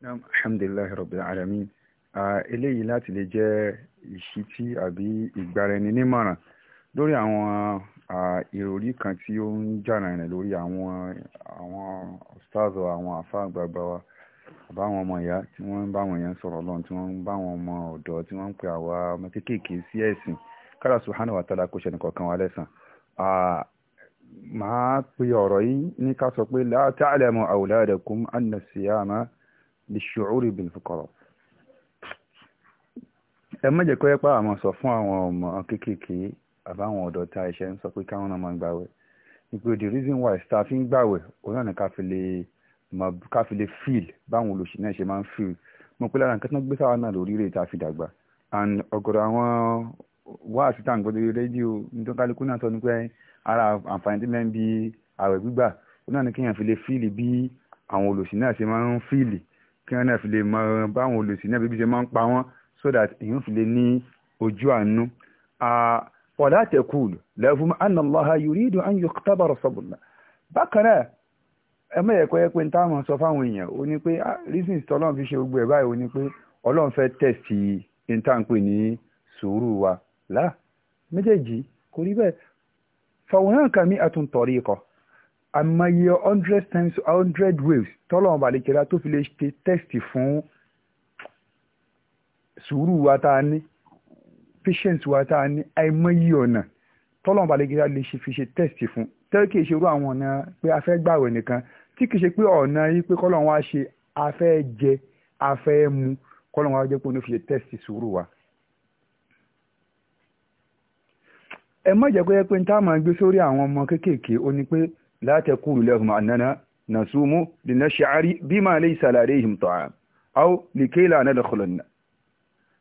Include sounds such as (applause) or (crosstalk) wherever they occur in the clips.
naam alhamdulilayi rabbil alamin eléyìí láti lè jẹ́ ìṣítí àbí ìgbaraẹninímọ̀ràn lórí àwọn ìròrí kan tí ó ń jàrà rìn lórí àwọn àwọn ọ̀sáàzọ̀ àwọn àfa àgbààgbà wa àbáwọn ọmọ ìyá tí wọ́n ń bá àwọn èèyàn sọ̀rọ̀ lọ́n tí wọ́n ń bá àwọn ọmọ ọ̀dọ́ tí wọ́n ń pè àwa ọmọ kéékèèké sí ẹ̀sìn kára subhanahu wa ta'ala kò ṣẹ̀nì kankan wa lẹ́sàn máa pe ọ̀rọ̀ yìí ní ká sọ pé la ta'lamu awladakum anna siyama lè ṣòórì bil fuqara ẹ má jẹ́ kó yẹ pa àmọ́ sọ fún àwọn ọmọ kéékèèké àbáwọn ọ̀dọ́ tá iṣẹ́ ń sọ pé káwọn náà máa ń gbàwẹ̀ ìpè the reason why star fi ń gbàwẹ̀ òun náà ni ká fi lè feel báwọn olùsí náà ṣe máa ń feel mo pé lára nǹkan tó ń gbé sáwọn náà lórí rèé tá fi dàgbà and ọ̀gọ̀rọ̀ àwọn wáàsí tá à ń gbọ́dọ̀ rédíò nítorí kálukú náà sọ ní pé ara àǹfààní tí mẹ́ ń bi àwẹ̀ gbígbà òun náà ni kéèyàn fi lè feel bí àwọn olùsí náà ṣe máa ń feel kí wọ́n náà fi lè mọ báwọn olùsí náà bíbí ṣe máa ń pa wọ́n so that èèyàn fi lè ní ojú àánú. wala taqulu lahum anna Allaha yuridu an yuqtaba rasulullah bákan náà ẹ mọ̀ ẹ̀kọ́ yẹ pé ní táwọn sọ fáwọn èèyàn ó ní pé reasons tí ọlọ́run fi ṣe gbogbo ẹ̀ báyìí ó ní pé ọlọ́run fẹ́ tẹ̀sí ní tá à ní sùúrù wa láà méjèèjì kò rí bẹ́ẹ̀ fọwọ́n náà kàmí àtúntọ̀rí ikọ̀ àmọye hundred times hundred waves tọ́lọ́mọba àdìkẹ́lá tó fi lè ṣe test fún sùúrù wa tá a ní patience wa tá a ní àìmọye ọ̀nà tọ́lọ́mọba àdìkẹ́lá lè ṣe fi ṣe test fún tẹ́lẹ̀ kì í ṣe irú àwọn ọ̀nà pé a fẹ́ gbàwẹ̀ nìkan tí kì ṣe pé ọ̀nà yìí pé kọ́lọ́n wa ṣe a fẹ́ jẹ a fẹ́ mu kọ́lọ́n wa jẹ́ pé òun fi ṣe test sùúrù wa. ẹ má jẹ́ pé ẹ pé ní táwọn máa gbé sórí àwọn ọmọ kéékèèké ó ní pé لا تقول لهم أننا نصوم لنشعر بما ليس لديهم طعام أو لكي لا ندخل النار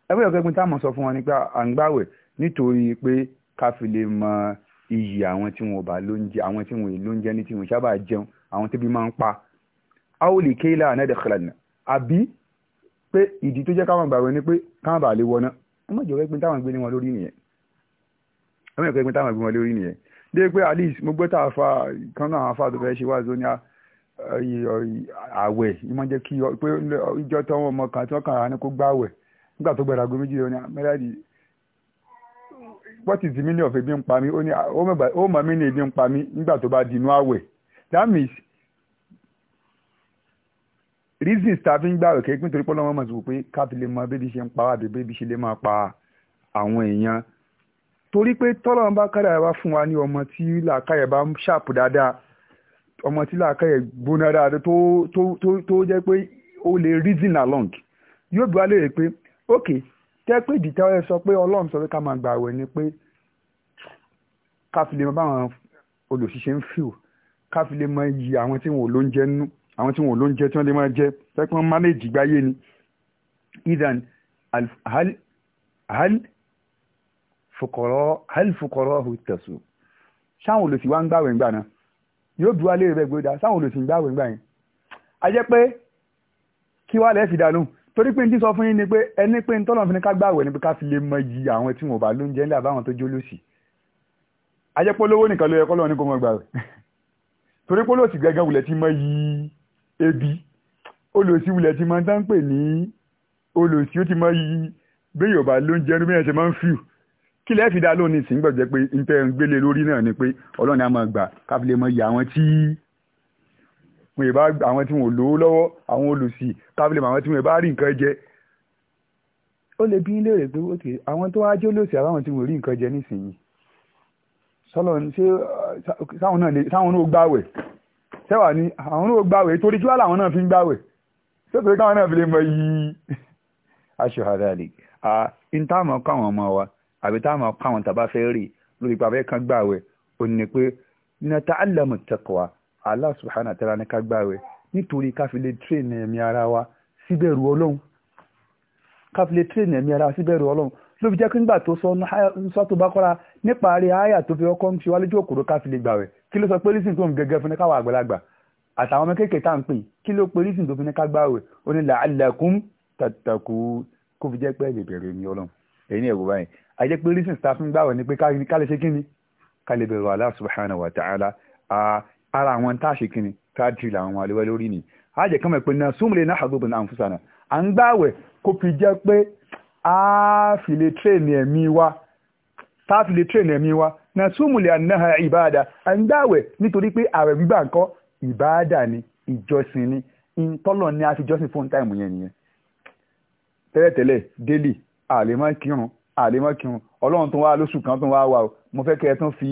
ẹgbẹ́ ọ̀gẹ́gun tá a mọ̀ sọ fún wọn nípa à ń gbàwẹ̀ nítorí pé ká fi lè mọ iyì àwọn tí wọn ò bá lóúnjẹ àwọn tí wọn ò lóúnjẹ ní tí wọn sábà jẹun àwọn tí bí máa ń pa aw li kayla nadkhula an-nar àbí pé ìdí tó jẹ́ káwọn gbàwẹ̀ ni pé káwọn bá lè wọná ẹgbẹ́ ọ̀gẹ́gun táwọn gbé wọn lórí nìyẹn dé pé at least mo gbé tá a fa kan náà àwọn afa tó fẹ́ ṣe wá zoni àwẹ̀ ìmọ̀ jẹ́ kí pé ìjọ tó wọn ọmọ kan tí wọ́n kàn án ní kó gbàwẹ̀ nígbà tó gbàdá gómìnà jùlọ ní mẹ́láàdì what is the meaning of ebi ń pa mí ó ní ó mọ̀ mí ní ebi ń pa mí nígbà tó bá dinú àwẹ̀ that means reasons ta fi ń gbàwẹ̀ kẹ́kẹ́ nítorí pọ́lọ́mọ́ mọ̀ sí pé ká fi lè mọ bébí ṣe ń pa wá àbí bébí ṣe lè máa pa àwọn èèyàn torí pé tọ́lọ́run bá kádàrá wá fún wa ní ọmọ tí làákàyè bá ń ṣàpù dáadáa ọmọ tí làákàyè gbóná dáadáa tó tó tó tó jẹ́ pé ó lè reason along yóò bí wá léèrè pé ok tẹ́ pé ìdìtẹ́ ọ sọ pé ọlọ́run sọ pé ká máa gbààwẹ̀ ni pé ká fi lè mọ báwọn olùṣiṣẹ́ ń fìw ká fi lè mọ iyì àwọn tí wọn ò lóúnjẹ nínú àwọn tí wọn ò lóúnjẹ tí wọn lè máa jẹ tẹ́ pé wọ́n mánéèjì gbáyé ni idan hal hal fòkọ̀rọ̀ àìfòkọ̀rọ̀ tẹ̀sù sáwọn olùsìn wa ń gbàwẹ̀ ńgbà náà yóò bí wá léèrè bẹ́ẹ̀ gbódà sáwọn olùsìn gbàwẹ̀ ńgbà yẹn a jẹ́ pé kí wá lẹ́ẹ̀ fi dànù torí pé n tí sọ fún yín ni pé ẹni pé n tọ́lọ̀ fi ní ká gbàwẹ̀ ni pé ká fi lè mọ iyì àwọn tí wọn ò bá ló ń jẹ́ ńlẹ̀ àbáwọn tó jólósì a jẹ́ pé nìkan ló yẹ kọ́lọ́ ní kó mọ gbàwẹ̀ torí pé gẹ́gẹ́ wulẹ̀ ti mọ iyì ebi olóòsì wulẹ̀ ti mọ tán ní olóòsì ó ti mọ iyì bí Yorùbá ló ń jẹun bí ẹ̀ ṣe máa ń fíù kí lẹ́ẹ̀ fi dá lónìí sí gbọ̀jẹ́ pé n tẹ́ ń gbélé lórí náà ni pé ọlọ́run á máa gbà káfílẹ̀ mọ iye àwọn tí wọn bá àwọn tí wọn ò lówó lọ́wọ́ àwọn olùsì káfílẹ̀ mọ àwọn tí wọn bá rí nǹkan jẹ ó lè bí léèrè pé ó ti àwọn tó wá jẹ́ olóòsì àbáwọn tí wọn rí nǹkan jẹ nísìnyí sọlọ ṣé sáwọn náà sáwọn náà gbàwẹ̀ sẹ́wà ni àwọn náà gbàwẹ̀ torí kí wàá làwọn náà fi ń gbàwẹ̀ sọ́tò káwọn náà fi lè mọ yí (laughs) àbí táwọn apá àwọn tàbá fẹ́ rí lórí ipa fẹ́ kan gbààwẹ̀ ó ní pé nata alamu taqwa Allah subhanahu wa ta'ala ní ká gbààwẹ̀ nítorí káfílẹ̀ tírèèni ẹ̀mí ara wa síbẹ̀rù ọlọ́run káfílẹ̀ tírèèni ẹ̀mí ara wa síbẹ̀rù ọlọ́run ló fi jẹ́ kí nígbà tó sọ sọ́tò bá kọ́ra nípa rí àyà tó fi ọkọ́ ń fi wá lójú òkúrò káfílẹ̀ gbààwẹ̀ kí ló sọ pé lísìn tó ń gẹ́gẹ́ fún ní àgbàlagbà àtàwọn ọmọ kéèkéè tá à ń pè kí ló pe lísìn tó fi ní ká gbààwẹ̀ ó ní la'allakum tattaqun kó fi jẹ́ pé ẹ̀jẹ̀ bẹ̀rẹ̀ ní ọlọ́run èyí ni ẹ̀wò báyìí àìjẹ́ pé reason tá a fi ń gbàwẹ̀ ni pé ká lè ṣe kí ni ká lè bẹ̀rù Allah subhanahu wa ta'ala ara àwọn tá a ṣe kí ni ká jù làwọn wà lówẹ́ lórí ni a jẹ́ kọ́mọ̀ pé náà súnmùlẹ̀ náà àdóbìn àǹfùsànà à ń gbàwẹ̀ kó fi jẹ́ pé a fi lè tírèèni ẹ̀mí wa tá a fi lè tírèèni ẹ̀mí wa náà súnmùlẹ̀ ànáhà ìbáadà à ń gbàwẹ̀ nítorí pé àwẹ̀ gbígbà ńkọ́ ìbáadà ni ìjọsìn ni ìtọ́lọ̀ ni a fi jọsìn fún táìmù yẹn nìyẹn tẹ́lẹ̀tẹ́lẹ̀ délì àlè máa kírun àlèmọ́kìrun ọlọ́run tó wá lóṣù kan tó wá wà o mo fẹ́ kẹ́ ẹ tún fi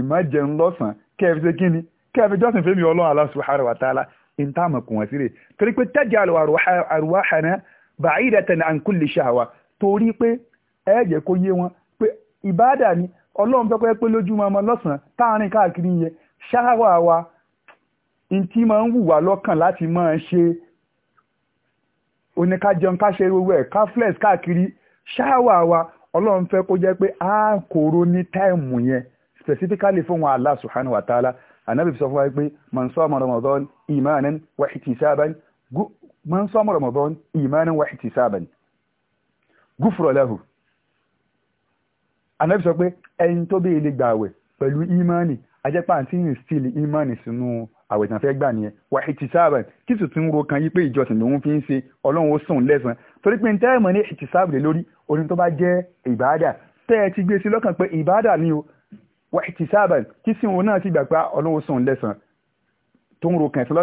ìmọ̀ jẹun lọ́sàn kẹ́ ẹ fi ṣe kí ni kẹ́ ẹ fi jọ́sìn fẹ́mi ọlọ́run Allah subhanahu wa ta'ala ń tá àmọ̀ kùn wọ́n sí rè torí pé taj'alu arwahana ba'idatan an kulli shahwa torí pé ẹ jẹ́ kó yé wọn pé ìbáàdà ni ọlọ́run fẹ́ pé lójúmọ́ ọmọ lọ́sàn táàrin káàkiri yẹn ṣáhàwá wa ntí máa ń wùwà lọ́kàn láti máa ṣe oníkájẹun káṣe owó ẹ̀ wa ọlọ́run fẹ́ kó jẹ́ pé a kòrò ní táìmù yẹn specifically fún wa Allah subhanahu wa ta'ala anabi sọ fún wa pé man sama Ramadan imanan wa ihtisaban man sama Ramadan imanan wa ihtisaban gufra lahu anabi sọ pé ẹni tó bí ilé gbààwẹ̀ pẹ̀lú imani ajẹ́pà àti ìsìlì imani sínú àwẹ̀ tàn fẹ́ gbà nìyẹn wàhí ti sáàbà kí sì tún ro kan yí pé fi ń se ọlọ́run ó sùn lẹ́sàn torí pé níta ẹ̀mọ́ ní ìtì sáàbà lórí orin tó bá jẹ́ ìbáàdà tẹ́ ẹ ti gbé sí lọ́kàn pé ìbáàdà ni o wàhí ti sáàbà kí sì òun náà ti gbà pé ọlọ́run ó sùn lẹ́sàn tó ń ro kan ìfẹ́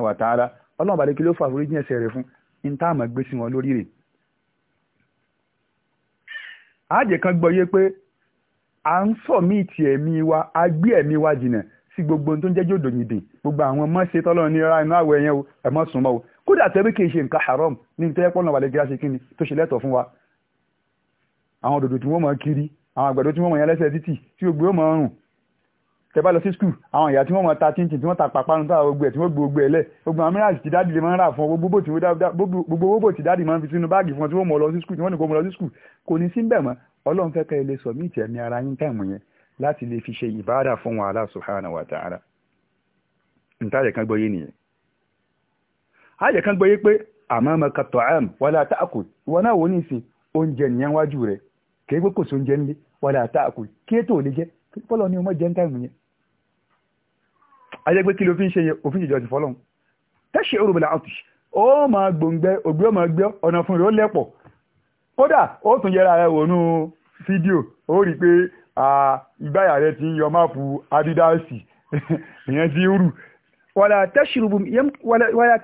wa ta'ala ọlọ́run bàdé kí ló fà fún sí gbogbo tó ń jẹ́ jòdò yìí dè gbogbo àwọn ọmọ ṣe tọ́lọ́ ní ra inú àwọ̀ ẹ̀yẹn o ẹ̀ mọ́ sùn mọ́ o kódà tẹ́bí kì í ṣe nǹkan haram ní nítorí pọ́n náà wà lè gíra ṣe kí ni tó ṣe lẹ́tọ̀ fún wa àwọn òdòdó tí wọ́n mọ̀ kiri àwọn àgbàdo tí wọ́n mọ̀ yẹn lẹ́sẹ̀ títì tí gbogbo yóò mọ̀ rùn tẹ bá lọ sí skul àwọn ìyá tí wọ́n mọ̀ ta tíntì tí wọ́n ta pàpánu tó àwọn ogbẹ̀ tí wọ́n gbé ogbẹ̀ lẹ̀ gbogbo àwọn mìíràn láti lè fi ṣe ìbáadà fún wa Allah subhanahu wa ta'ala ìtàjẹ̀ kan gbọ́yé nìyẹn ajẹ̀ kan gbọ́yé pé amamaka ta'am wala ta'kul wọn náà wò ní ìsìn oúnjẹ nìyẹn wájú rẹ̀ kìí pé kò oúnjẹ nílé wala ta'kul kí ètò ò lè jẹ́ pọ́lọ ní ọmọ jẹ́ táìmù yẹn ajẹ́ pé kí ló fi ń ṣe òfin ìjọ ti fọ́lọ́n tẹ́ṣì ìgbáyà rẹ ti ń yọ máàpù adídásì (laughs) èèyàn ti ń rù wàlà tẹ́ṣùrùbù wàlà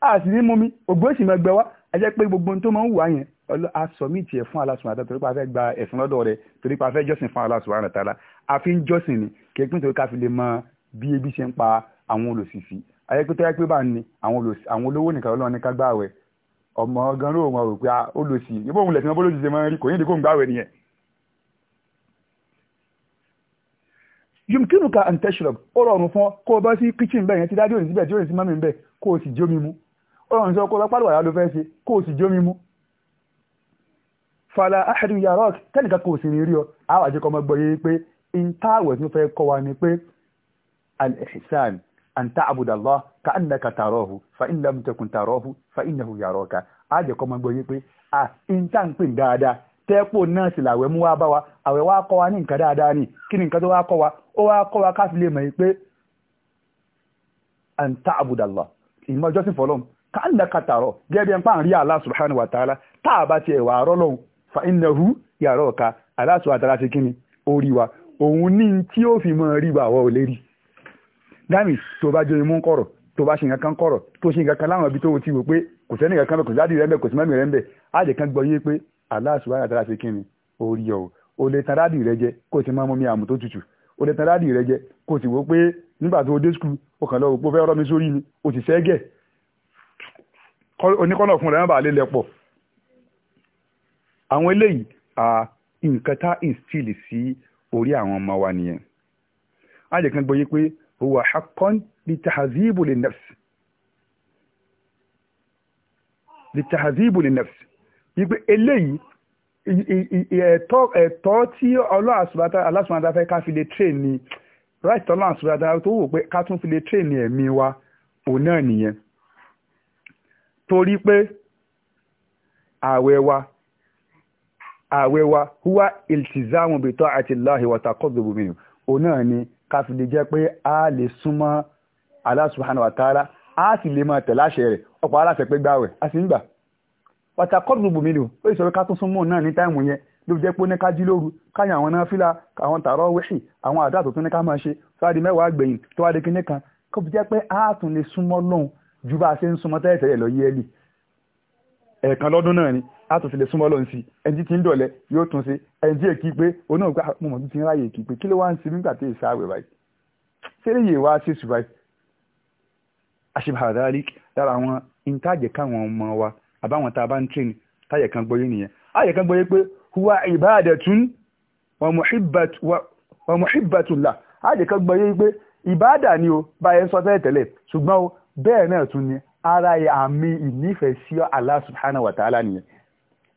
a sì ní mú mi ògbó sì máa gbẹ wá ẹ jẹ́ pé gbogbo ohun tó máa ń wà yẹn a sọ̀mìtì fún Allah subhanahu wa pa fẹ́ gba ẹ̀sìn lọ́dọ̀ rẹ̀ torí pa fẹ́ jọ́sìn fún Allah subhanahu wa ta'ala àfi ń jọ́sìn ni kéèkùn tó ká fi lè mọ bí ebi ṣe ń pa àwọn olòṣìṣì ayẹ́pẹ́ tó yẹ pé bá ní àwọn olówó nìkan lọ́wọ́ ní ká gbààwẹ̀ ọmọ gan ló wọn rò pé ah, olòṣì ìbò òun lẹ̀sìn ọbọ̀lóṣìṣẹ́ yumkinuka an tashrab ó rọrùn fún ọ kó o bá sí kitchen bẹ́ẹ̀ yẹn ti dájú òní síbẹ̀ tí òní sí mọ́mí bẹ́ẹ̀ kó o sì jómi mu ó rọrùn sí ọkọ ọlọ́pàá lùwàlá ló fẹ́ ṣe kó o sì jómi mu. fàlà ahadu yarok tẹ́nìkan kò sì ní rí ọ àwọn àjẹkọ ọmọ gbọ́ yé pé intanet ló fẹ́ kọ́ wa ni pé al-ihsan an ta'budu Allah ka annaka tarahu fa in lam takun tarahu fa innahu yaraka àjẹkọ ọmọ gbọ́ pé ah intan pin dáadáa tẹ́pò náà sì làwẹ̀ mú wá bá wa àwẹ̀ wá kọ́ wa ní nǹkan dáadáa ni kí ni nǹkan tó wá kọ́ wa ó wá kọ́ wa káfí lè mọ̀ yìí pé an ìmọ̀ fọlọ́m gẹ́gẹ́ wa tá a bá tiẹ̀ wà fa yàrá ọ̀ka wa ti kíni orí wa òun ní tí ó fi mọ̀ rí bàwọ̀ ò lérí dámì tó bá imú kọ̀rọ̀ tó bá ṣe nǹkan kan ti wò pé kò kan aláṣùwárà tàbí àti kíni orí ọ̀ o lè tan rádìí rẹ jẹ kó o ti máa mú mi àmú tó tutù o lè tan rádìí rẹ jẹ kó o ti wò pé nígbà tó o dé skul o kàn lọ òpó fẹ́ rọ́ mi sórí ni o ti sẹ́gẹ̀ oníkọ́nà fún rẹ̀ má lè lẹ̀ pọ̀ àwọn eléyìí a nǹkan tá instill sí orí àwọn ọmọ wa nìyẹn a jẹ́ kan gbọ́ yí pé huwa haqqan litahazibu linnafs litahazibu linnafs wípé eléyìí ẹ̀tọ́ ẹ̀tọ́ tí ọlọ́àṣùbátà aláṣùbátà fẹ́ ká fi lè train ni right tọ́lá àṣùbátà tó wò pé ká tún fi lè train ni ẹ̀mí wa òun náà nìyẹn torí pé ààwẹ̀ wa ààwẹ̀ wa huwa iltizamu bi ta'ati Allahi wa taqarrubu minhu òun náà ni ká fi lè jẹ́ pé a lè súnmọ́ Allah subhanahu wa ta'ala a sì lè máa tẹ̀láṣẹ rẹ̀ ọ̀pọ̀ aláṣẹ pé gbáwẹ̀ a sì ń gbà wàtàkọ́dù bòmínú ó ìṣòro ká tún súnmọ́ náà ní táìmù yẹn ló jẹ́ pé ó ní ká jí lóru káyà àwọn náà fílà àwọn tààrọ̀ wíṣì àwọn àdá tó tún ní ká máa ṣe sáàdì mẹ́wàá gbẹ̀yìn tó wá di kinní kan kó jẹ́ pé a tún lè súnmọ́ lọ́hùn ju bá a ṣe ń súnmọ́ tẹ́lẹ̀ tẹ́lẹ̀ lọ yẹ́lì ẹ̀ẹ̀kan lọ́dún náà ni a tún ti lè súnmọ́ lọ́hùn sí ẹni tí ń dọ̀lẹ́ yóò tún ṣe ẹni tí èkì pé òun náà gbà ah, mo mọ̀ tó ti ń ráyè èkì pé kí ìntàjẹ̀ káwọn ọmọ wa àbáwọn tá a bá ń train táyẹ̀ kan gbọ́yé nìyẹn ayẹ̀ kan gbọ́yé pé huwa ibadatun wa muhibbatullah ayẹ̀ kan gbọ́yé pé ìbáàdà ni o báyẹ̀ sọ tẹ́lẹ̀ tẹ́lẹ̀ ṣùgbọ́n o bẹ́ẹ̀ náà tún ni ara àmì ìnífẹ̀ẹ́ sí Allah subhanahu wa ta'ala nìyẹn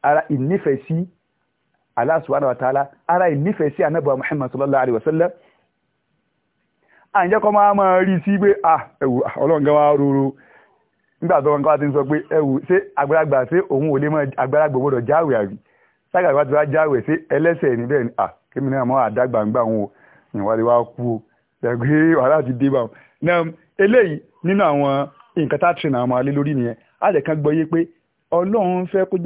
ara ìnífẹ̀ẹ́ sí Allah subhanahu wa ta'ala ara ìnífẹ̀ẹ́ sí anábọ̀ Muhammad sallallahu alaihi wasallam à ń jẹ́ kọ́ máa máa rí sí pé ah, nígbà tó wọn káwá ti ń sọ pé ẹwù ṣé àgbàlagbà ṣé òun ò lè mọ àgbàlagbà gbọ́dọ̀ jáwèé àrí ságbàlagbà ti wá jáwèé ṣé ẹlẹ́sẹ̀ ní bẹ́ẹ̀ ni à kémi náà mọ àdágbàǹgbà wọn o ìwádìí wa kú o ṣàgbé wàhálà ti dé bá wọn. na eléyìí nínú àwọn nǹkan tá a tìrìnà àwọn alẹ́ lórí nìyẹn a lè kan gbọ́ yé pé ọlọ́run fẹ́ kó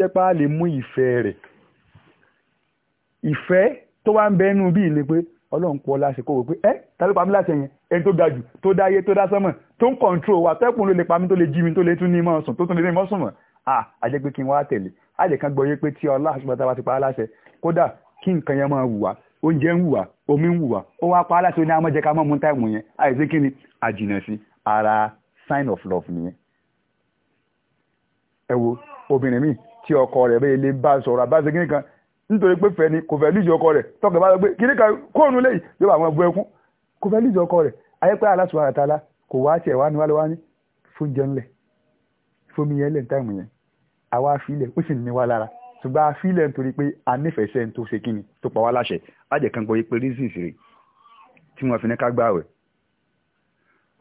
jẹ́ ni pé ọlọ́run pọ̀ láṣẹ kó wò pé ẹ́ ta ló pa mí láṣẹ yẹn ẹni tó ga jù tó dá ayé tó dá sánmọ̀ tó ń kọ̀ǹtró wa tẹ́kùn ló lè pa mí tó lè jí mi tó lè tún ní mọ́ sùn tó tún lè ní mọ́ sùn mọ́ à àjẹ́ pé kí n wá tẹ̀lé àjẹ́ kan gbọ́ yé pé tí ọlá àṣùgbọ́ta bá ti pa á láṣẹ kódà kí nǹkan yẹn máa wù oúnjẹ ń wù omi ń wù ó wá pa á láṣẹ oní amọ́jẹ nítorí pé fẹ́ ni kò fẹ́ líjì ọkọ rẹ̀ tọkẹ̀ bá lọ pé kí ní kan kóònù lẹ́yìn yóò bá wọn bu ẹkún kò fẹ́ líjì ọkọ rẹ̀ ayé pé Allah subhanahu wa ta'ala kò wá tiẹ̀ wá ní wálé wá ní fún jẹun lẹ̀ fomi yẹn lẹ̀ ń táìmù yẹn àwa afílẹ̀ ó sì ní wá lára ṣùgbọ́n afílẹ̀ nítorí pé a nífẹ̀ẹ́ sẹ́ni tó ṣe kíni tó pa wá láṣẹ lájẹ̀ kan gbọ́ pé reasons rẹ̀ tí wọ́n fi ní ká gbààwẹ̀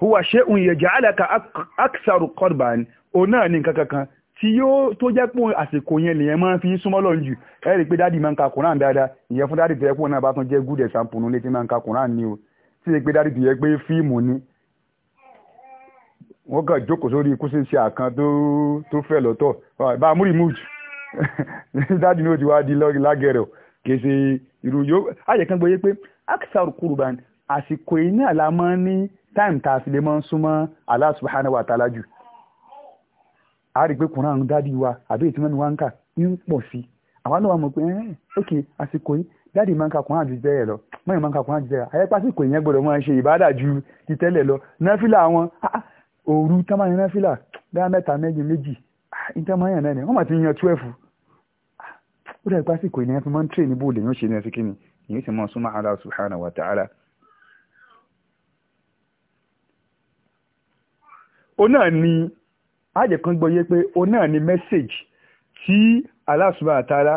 huwa shay'un yaj'aluka aktharu qurban òun náà ní nǹkan kankan tí yóò tó jẹ́ pé àsìkò yẹn lèyẹn máa fi súnmọ́ lọ́n jù ẹ rí i pé dáàdì máa ń ka Quran dáadáa ìyẹn fún dáàdì tó yẹ pé òun náà bá tún jẹ́ good example nílé tí máa ń ka Quran ni o tí yẹ pé dáàdì tó yẹ pé fíìmù ni wọ́n kàn jókòó sórí ikú ṣíṣe àkàn tó fẹ́ lọ́tọ̀ bá a múrì múùjù (laughs) dáàdì náà ti wá di lágẹ̀rẹ̀ kì í ṣe irú yóò àyè kan gbọ́yé pé akisar kuruban àsìkò yìí náà la máa ń ní a fi lè máa ń súnmọ́ a rí i pé kùnrin àrùn dádì wa àbí ètí mẹ́nu wa ń kà ń pọ̀ sí i àwa náà wà mọ̀ pé ok àsìkò yìí dádì máa ń ka kùnrin àjù bẹ́ẹ̀ lọ mọ́yìn máa ń ka kùnrin àjù bẹ́ẹ̀ àyẹ́pẹ́ àsìkò yẹn gbọ́dọ̀ máa ṣe ìbádà ju ti tẹ́lẹ̀ lọ náfìlà wọn ah, ah, òru támáyé náfìlà dáa mẹ́ta méjì méjì ah, ìtẹ́máyé ni wọ́n máa ti yan ó wa ta'ala. ó náà ní àjẹ́ kan gbọ́ yé pé o náà ni mẹ́sẹ̀gì tí Allah subhanahu wa ta'ala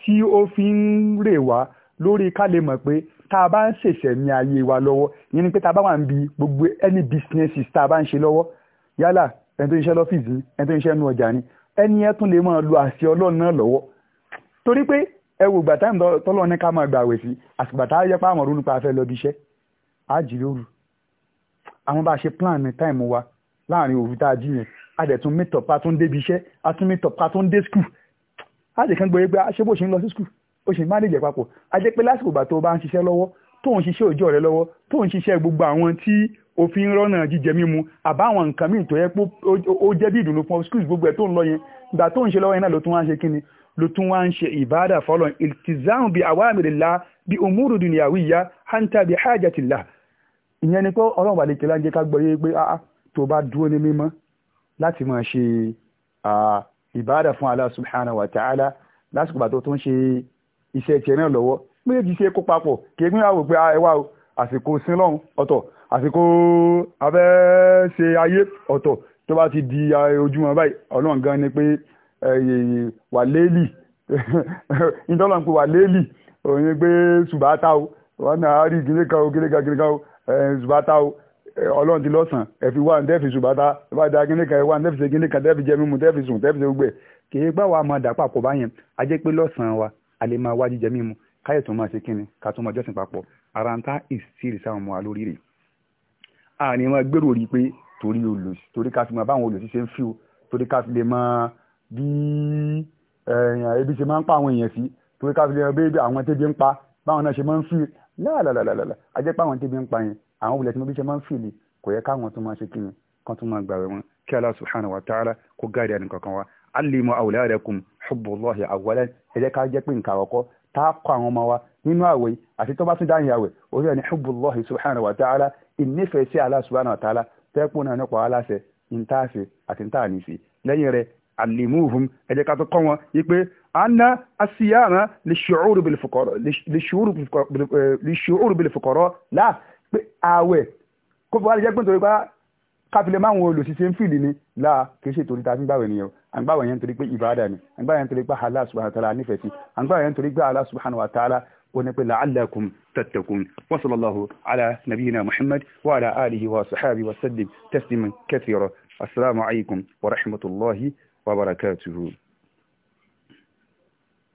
tí ó fi ń rè wá lórí ká lè mọ̀ pé tá a bá ń ṣèṣẹ̀mí ayé wa lọ́wọ́ yẹn ni pé tá a bá wà ń bi gbogbo any businesses tá a bá ń ṣe lọ́wọ́ yálà ẹni tó ń ṣe lọ́fíìsì ni ẹni tó ń ṣe ẹnu ọjà ni ẹni ẹ tún lè máa lo àṣẹ ọlọ́run náà lọ́wọ́ torí pé ẹ wò gbà táìmù tọ́lọ́ ní ká máa gbà wẹ̀ sí àsìgbà tá a yẹ pa àwọn nípa afẹ́ lọ iṣẹ́ á jìlóru àwọn bá ṣe plan ní táìmù wa láàrin òru tá a jí adẹ̀tún mítọ̀ pa tó ń débi iṣẹ́ atún mítọ̀ pa tó ń dé skul láti kan gbọ́ pé ah, ṣé bó ṣe ń lọ sí skul ó ṣe máa dìjẹ́ papọ̀ a jẹ́ pé lásìkò ìgbà tó bá ń ṣiṣẹ́ lọ́wọ́ tó ń ṣiṣẹ́ òjò rẹ lọ́wọ́ tó ń ṣiṣẹ́ gbogbo àwọn tí òfin rọ́nà jíjẹ mímu àbáwọn nǹkan míì tó yẹ pé ó jẹ́ bí ìdùnnú fún skul gbogbo ẹ̀ tó ń lọ yẹn ìgbà tó ń ṣe lọ́wọ́ yẹn náà ló tún wá ń ṣe kíni ló tún wá ń ṣe ìbáàdà fọlọ́n ìtìzáhùn bíi àwámìrìlá bíi òmùrù dùnìyàwíyá hanta bíi hájàtìlá ìyẹn ni pé ọlọ́run wà lè kí láńjẹ́ ká gbọ́ yé pé ah, ah, tó bá dúró ní mímọ́ láti máa ṣe ìbáàdà fún Allah subhanahu wa ta'ala lásìkò bàtọ́ tó ń ṣe iṣẹ́ tiẹ̀ náà lọ́wọ́ méjì ṣe kó papọ̀ kí ẹgbẹ́ àwọn òpin ẹwà àsìkò sílọ́hún ọ̀tọ̀ àsìkò abẹ́ ṣe ayé ọ̀tọ̀ tó bá ti di ojúmọ́ báyìí ọlọ́run gan ni pé wà léèlì (laughs) ìdọ́lọ́run pé wà léèlì òun ni pé ṣùgbọ́n àtàwọn wọn náà rí gíríkà o ṣùgbọ́n àtàwọn ọlọ́run ti lọ́sàn ẹ fi wá ní tẹ́ẹ̀fì sùn bàtà ẹ bá da gíní kan ẹ wá ní tẹ́ẹ̀fì ṣe gíní kan tẹ́ẹ̀fì jẹ mímu tẹ́ẹ̀fì sùn tẹ́ẹ̀fì ṣe gbogbo ẹ̀ kì í gbàwọ́ àmọ́ àdá papọ̀ báyẹn a pé lọ́sàn wa a lè máa wá jíjẹ mímu káyọ̀ tó máa ṣe kíni ká tó máa jọ́sìn papọ̀ ara ń tá ìsírí sáwọn ọmọ wa lórí rẹ̀ a ní wọn gbèrò rí pé torí olùsí torí ká fi máa báwọn olùsí ṣe ń fi o torí ká fi lè máa bí eh, ebi ṣe máa ń pa àwọn èèyàn sí torí ká fi lè máa bí àwọn tẹ́bi ń pa báwọn náà ṣe máa ń fi láàlàlàlà a àwọn tẹ́bi ń pa yẹn àwọn wulẹ̀ tí mo bí ṣe máa ń fìlì kò yẹ káwọn tó máa ṣe kí ni kan tó máa gbàwẹ̀ wọn kí Allah subhanahu wa ta'ala kó gáàdì ẹnì kankan wa allimu awladakum hubbullahi awwalan ẹ jẹ́ ká jẹ́ pé nǹkan àkọ́kọ́ tá a kọ́ àwọn ọmọ wa nínú àwẹ̀ àti tó bá tún dáhìn àwẹ̀ orí ẹni hubbullahi subhanahu wa ta'ala ìnífẹ̀ẹ́ sí Allah subhanahu wa ta'ala alimuhum ẹ ká tó kọ́ wọn yí anna asiyama lè ṣòro bìlì fòkọ̀rọ̀ láà pé ààwẹ̀ kó fi wá lè jẹ́ pé nítorí pé káfílẹ̀ máa ń wọ olùṣiṣẹ́ ń fìdí ni láà kì í ṣe torí tàbí gbàwẹ̀ nìyẹn àgbàwẹ̀ yẹn nítorí pé ìbáadà ni àgbàwẹ̀ yẹn nítorí pé Allah subhanahu wa ta'ala nífẹ̀ẹ́ sí àgbàwẹ̀ yẹn nítorí pé Allah subhanahu wa ta'ala ó ní pé la'allakum tattaqun wa sallallahu ala nabiyyina Muhammad wa ala alihi wa sahbihi wa sallim tasliman kathira assalamu alaikum wa rahmatullahi wa barakatuhu